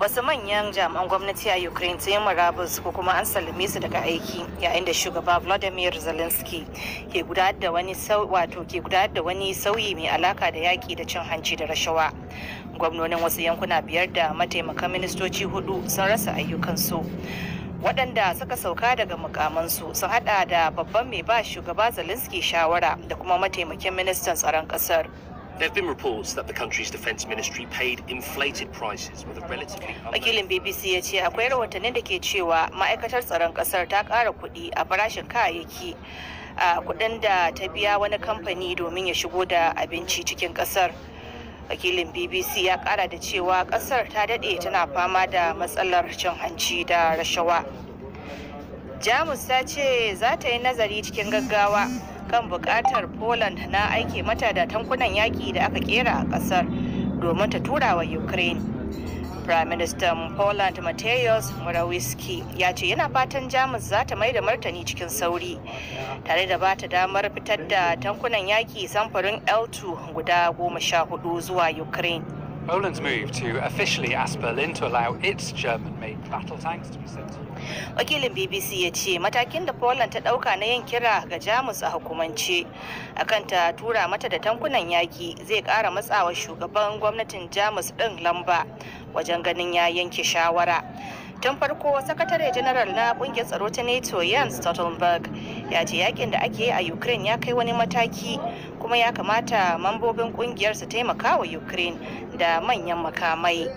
wasu manyan jami'an gwamnati a ukraine sun yi murabus ko kuma an sallame su daga aiki yayin da shugaba vladimir zelensky ke gudanar da wani wato ke gudanar da wani sauyi mai alaka da yaki da cin hanci da rashawa gwamnonin wasu yankuna biyar da mataimakan ministoci hudu sun rasa ayyukansu waɗanda suka sauka daga mukamansu sun hada da babban mai ba shugaba zelensky shawara da kuma mataimakin ministan tsaron ƙasar Wakilin BBC ya ce akwai rahotanni da ke cewa ma'aikatar tsaron kasar ta ƙara kuɗi a farashin kayayyaki a kuɗin da ta biya wani kamfani domin ya shigo da abinci cikin ƙasar. Wakilin BBC ya ƙara da cewa ƙasar ta daɗe tana fama da matsalar cin hanci da rashawa. Jamus ta ce za ta yi nazari cikin gaggawa kan buƙatar poland na aike mata da tankunan yaƙi da aka kera a ƙasar domin ta tura wa ukraine prime minister poland mateusz morawiecki ya ce yana fatan jamus za ta mai da martani cikin sauri tare da ba ta damar fitar da tankunan yaƙi samfurin l2 guda goma sha hudu zuwa ukraine Poland's move to officially ask Berlin to allow its German-made battle tanks to be sent to wakilin bbc ya ce matakin da poland ta dauka na yin kira ga jamus a hukumance akan ta tura mata da tankunan yaki zai kara matsawa shugaban gwamnatin jamus din lamba wajen ganin ya yanke shawara tun farko sakatare janaral na kungiyar tsaro ta nato jens stoltenberg ya ce yakin da ake yi a ukraine ya kai wani mataki kuma ya kamata mambobin kungiyar su taimaka wa ukraine da manyan makamai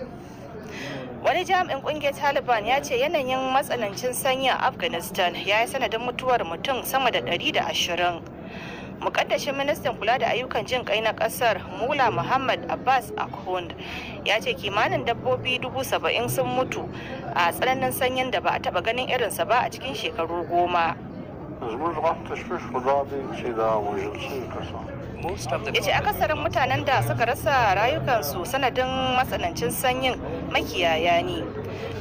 wani jami'in kungiyar taliban ya ce yanayin matsanancin sanyi a afghanistan ya yi sanadin mutuwar mutum sama da 120 mukaddashin ministan kula da ayyukan jin kai na kasar mula muhammad abbas akhund ya ce kimanin dabbobi dubu sun mutu a tsananin sanyin da ba a taba ganin irinsa ba a cikin shekaru goma ya ce akasarin mutanen da suka rasa rayukansu sanadin matsanancin sanyin makiyaya ne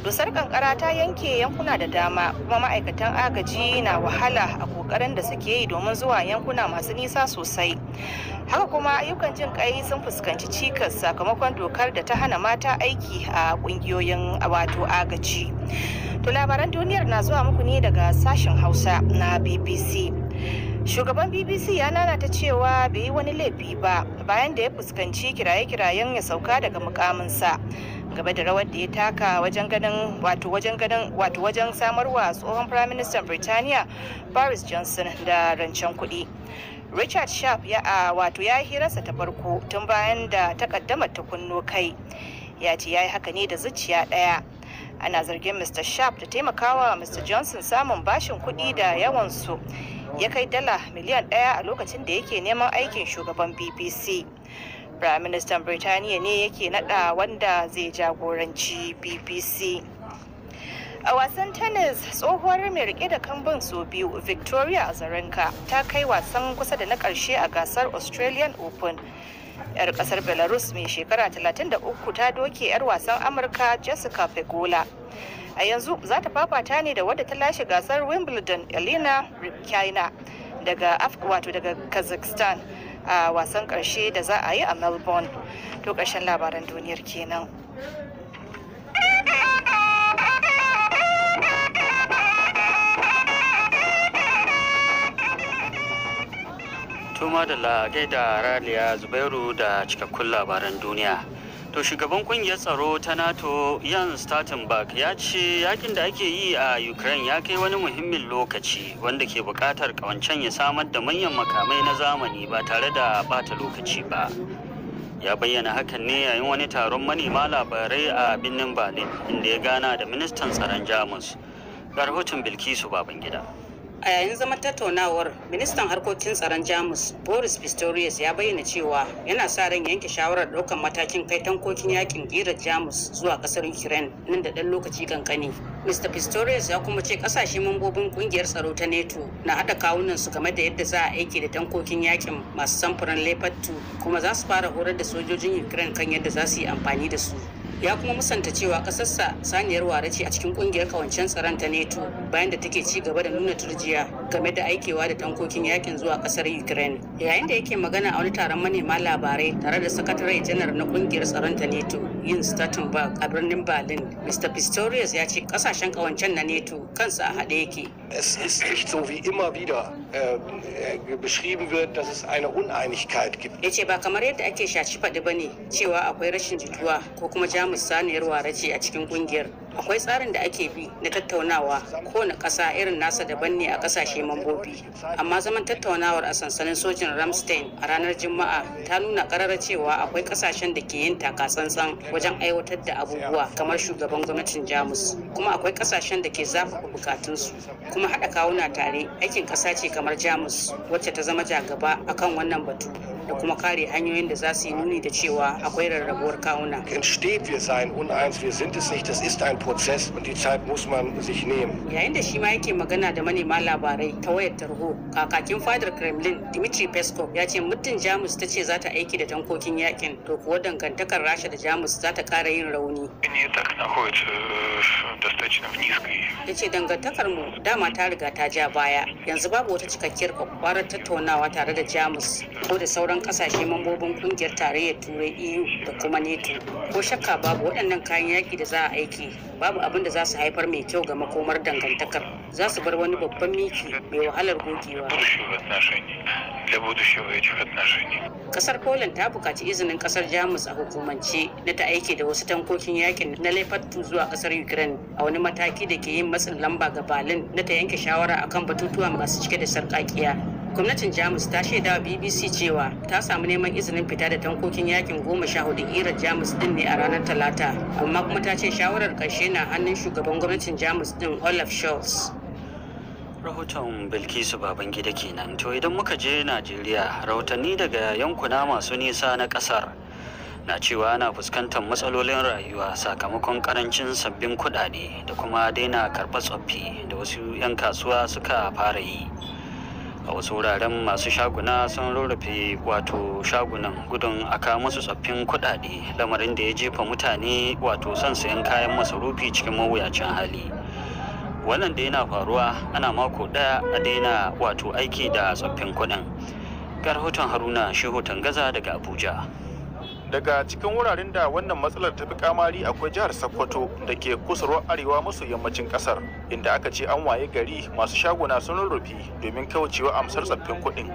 dusar kankara ta yanke yankuna da dama kuma ma'aikatan agaji na wahala a kokarin da suke yi domin zuwa yankuna masu nisa sosai haka kuma ayyukan jin kai sun fuskanci cikas sakamakon dokar da ta hana mata aiki a kungiyoyin wato agaji to labaran duniyar na zuwa muku ne daga sashen hausa na bbc shugaban bbc ya nanata cewa bai yi wani laifi ba bayan da ya fuskanci kiraye-kirayen ya sauka daga mukaminsa gaba da rawar da ya taka wajen ganin wato wajen ganin wato wajen samarwa tsohon prime minister paris Boris Johnson da rancen kuɗi. Richard Sharp ya a wato ya hirarsa ta farko tun bayan da ta kaddamar ta kunno kai. Ya ce ya yi haka ne da zuciya ɗaya. Ana zargin Mr. Sharp da taimakawa Mr. Johnson samun bashin kuɗi da yawansu. ya kai dala miliyan ɗaya a lokacin da yake neman aikin shugaban BBC. Firaministan Birtaniya ne yake naɗa wanda zai jagoranci BBC. A wasan tennis tsohuwar mai rike da kambun su biyu Victoria Azarenka ta kai wasan kusa da na ƙarshe a gasar Australian Open. 'Yar ƙasar Belarus mai shekara 33 ta doke 'yar wasan Amurka Jessica Pegula. a yanzu za ta fafata ne da wadda ta lashe gasar wimbledon elena rikaina daga wato daga kazakhstan a wasan karshe da za a yi a melbourne to karshen labaran duniyar kenan Tuma da la da Raliya Zubairu da cikakkun labaran duniya. To shugaban kungiyar tsaro ta NATO Yan Stoltenberg ya ce yakin da ake yi a Ukraine ya kai wani muhimmin lokaci wanda ke buƙatar ƙawancen ya samar da manyan makamai na zamani ba tare da bata lokaci ba. Ya bayyana hakan ne yayin wani taron manema labarai a birnin Berlin inda ya gana da ministan tsaron Jamus. Ga rahoton Bilkisu Babangida. gida. a yayin zaman tattaunawar ministan harkokin tsaron jamus boris pistorius ya bayyana cewa yana sa ran yanke shawarar ɗaukar matakin kai tankokin yakin girar jamus zuwa ƙasar ukraine nan da ɗan lokaci kankani mr pistorius ya kuma ce ƙasashe mambobin ƙungiyar tsaro ta neto na haɗa kawunan su game da yadda za a aiki da tankokin yakin masu samfuran leopard kuma za su fara horar da sojojin ukraine kan yadda za su yi amfani da su ya kuma musanta cewa ƙasarsa saniyar ware ce a cikin ƙungiyar ƙawancen tsaron ta neto bayan da take ci gaba da nuna turjiya game da aikewa da tankokin yakin zuwa kasar ukraine yayin da yake magana a wani taron manema labarai tare da sakatare janar na kungiyar tsaron ta neto yin statutenberg a birnin berlin mr pistorius ya ce kasashen kawancen na neto kansa a haɗe yake Es ist nicht so wie immer wieder ähm, äh, beschrieben wird, dass es eine Uneinigkeit gibt. Yace ba kamar yadda ake shaci faɗi bane cewa akwai rashin jituwa ko kuma jamus saniyar warace ce a cikin kungiyar. akwai tsarin da ake bi na tattaunawa ko na ƙasa irin nasa daban ne a ƙasashe mambobi amma zaman tattaunawar a sansanin sojin ramstein a ranar juma'a ta nuna karara cewa akwai kasashen da ke yin taka tsantsan wajen aiwatar da abubuwa kamar shugaban gwamnatin jamus kuma akwai kasashen da ke zafafa bukatunsu kuma haɗa kawuna tare aikin ƙasa ce kamar jamus wacce ta zama jagaba akan wannan batu da kuma kare hanyoyin da za su yi nuni da cewa akwai rarrabuwar kawuna. Prozess und die Zeit muss man sich nehmen. Yayin da shi ma yake magana da manema labarai ta wayar tarho, kakakin fadar Kremlin Dmitry Peskov ya ce muddin Jamus ta ce za ta aiki da tankokin yakin to kuwa dangantakar Rasha da Jamus za ta kara yin rauni. E, ya ce dangantakar mu dama ta riga ta ja baya yanzu babu wata cikakkiyar kwakwarar tattaunawa tare da Jamus ko da sauran kasashe mambobin kungiyar tarayyar Turai EU da kuma NATO ko shakka babu waɗannan kayan yaki da za a aiki babu abin da za su haifar mai kyau ga makomar dangantakar za su bar wani babban miki mai wahalar gogewa kasar poland ta bukaci izinin kasar jamus a hukumance na ta aiki da wasu tankokin yakin na laifattu zuwa kasar ukraine a wani mataki da ke yin matsin lamba ga berlin na ta yanke shawara akan batutuwa masu cike da sarƙaƙiya gwamnatin jamus ta shaida wa bbc cewa ta samu neman izinin fita da tankokin yakin goma sha hudu irar jamus din ne a ranar talata amma kuma ta ce shawarar karshe na hannun shugaban gwamnatin jamus din olaf scholz rahoton bilkisu babangida kenan to idan muka je najeriya rahotanni daga yankuna masu nisa na kasar na cewa ana fuskantar matsalolin rayuwa sakamakon karancin sabbin kudade da kuma daina karɓar tsoffi da wasu 'yan kasuwa suka fara yi a wasu wuraren masu shaguna sun rurrufe wato shagunan gudun a kawo musu tsaffin kuɗaɗe lamarin da ya jefa mutane wato son sayan kayan masarufi cikin mawuyacin hali wannan da yana faruwa ana mako ɗaya a daina wato aiki da tsaffin kuɗin ga haruna shehu tangaza daga abuja daga cikin wuraren da wannan matsalar ta fi kamari akwai jihar sokoto da ke kusurwar arewa maso yammacin kasar inda aka ce an waye gari masu shaguna sun rurrufe domin kaucewa amsar tsaffin kuɗin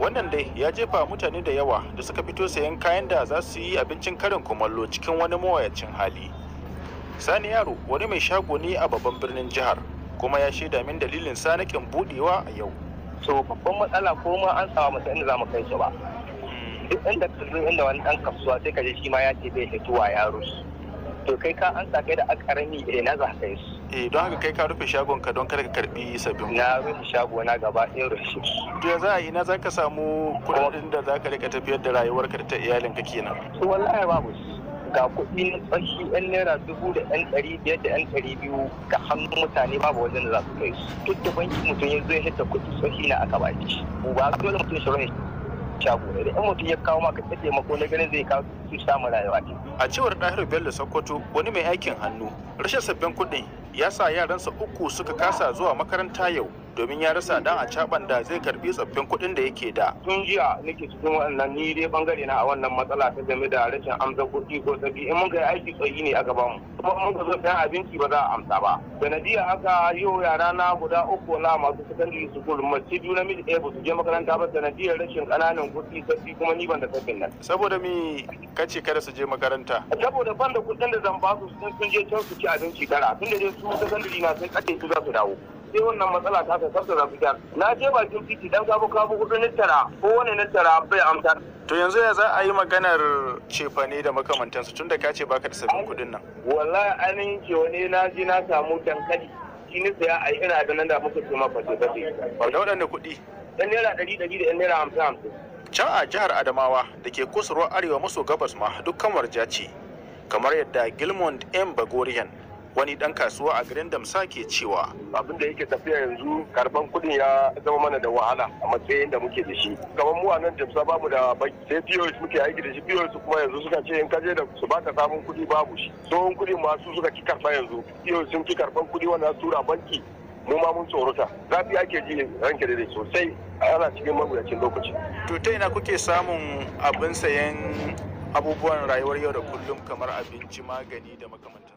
wannan dai ya jefa mutane da yawa da suka fito sayan kayan da za su yi abincin karin kumallo cikin wani mawayacin hali sani yaro wani mai shago ne a babban birnin jihar kuma ya shaida min dalilin sa buɗewa a yau so babban matsala ko ma an samu masa inda za mu kai shi ba duk inda ka zo inda wani dan kasuwa sai ka je shi ma ya ce bai hituwa yaro to kai ka an kai da akarami eh na za ka yi su eh don haka kai ka rufe shagon ka don kada ka karbi sabbin na rufe shago na gaba ɗaya rufe to ya za a yi na za ka samu kuɗin da za ka rika tafiyar da rayuwarka da ta iyalinka kenan wallahi babu ga kuɗi na tsashi yan naira dubu da yan ɗari biyar da yan ɗari biyu ga hannun mutane babu wajen da za su kai su duk da banki mutum ya zo ya hidda kuɗi tsashi na aka baki ba dole mutum shi shago ne in mutum ya kawo maka ta taimako na ganin zai kawo su samun rayuwa ne. a cewar ɗahiru bello sokoto wani mai aikin hannu rashin sabbin kuɗin ya sa yaransa uku suka kasa zuwa makaranta yau domin ya rasa dan a caban da zai karbi tsoffin kuɗin da yake da. Tun jiya nake cikin wannan ni dai bangare na a wannan matsala ta game da rashin amsa kuɗi ko tsabi in mun ga aiki tsayi ne a gaban mu kuma mun ga sayan abinci ba za a amsa ba. Sanadiyar haka yau yara na guda uku na masu secondary school mace biyu na mid ba su je makaranta ba sanadiyar rashin ƙananan kuɗi tsabi kuma ni ban da sabbin nan. Saboda me kace kada su je makaranta? Saboda ban da kuɗin da zan ba su sun je can su ci abinci tun da dai su secondary na sun kace su za su dawo. sai wannan matsala ta sassabta za su gyara na je bakin titi dan kabu kabu kudin na tara ko wani na tara bai amsa to yanzu ya za a yi maganar cefane da makamantansu tunda ka ce baka da sabbin kudin nan wallahi anin ne na ji na samu dankali shi ne saya a yi. ina da nan da muka ce ma fashe fashe da waɗanne kuɗi yan naira ɗari ɗari da yan naira hamsin hamsin can a jihar adamawa da ke kusurwa arewa maso gabas ma duk kamar jaci kamar yadda gilmond m bagorian wani dan kasuwa a garin damsa ke cewa abin da yake tafiya yanzu karban kudin ya zama mana da wahala a matsayin da muke da shi kamar mu a nan damsa mu da banki sai pos muke aiki da shi pos kuma yanzu suka ce in kaje da su baka samun kudi babu shi tsohon kudin masu suka ki karba yanzu pos sun ki karban kudi wannan tura banki mu ma mun tsorata zafi ake ji ranke da sosai ana cikin mabuyacin lokaci to ta ina kuke samun abin sayan abubuwan rayuwar yau da kullum kamar abinci magani da makamantan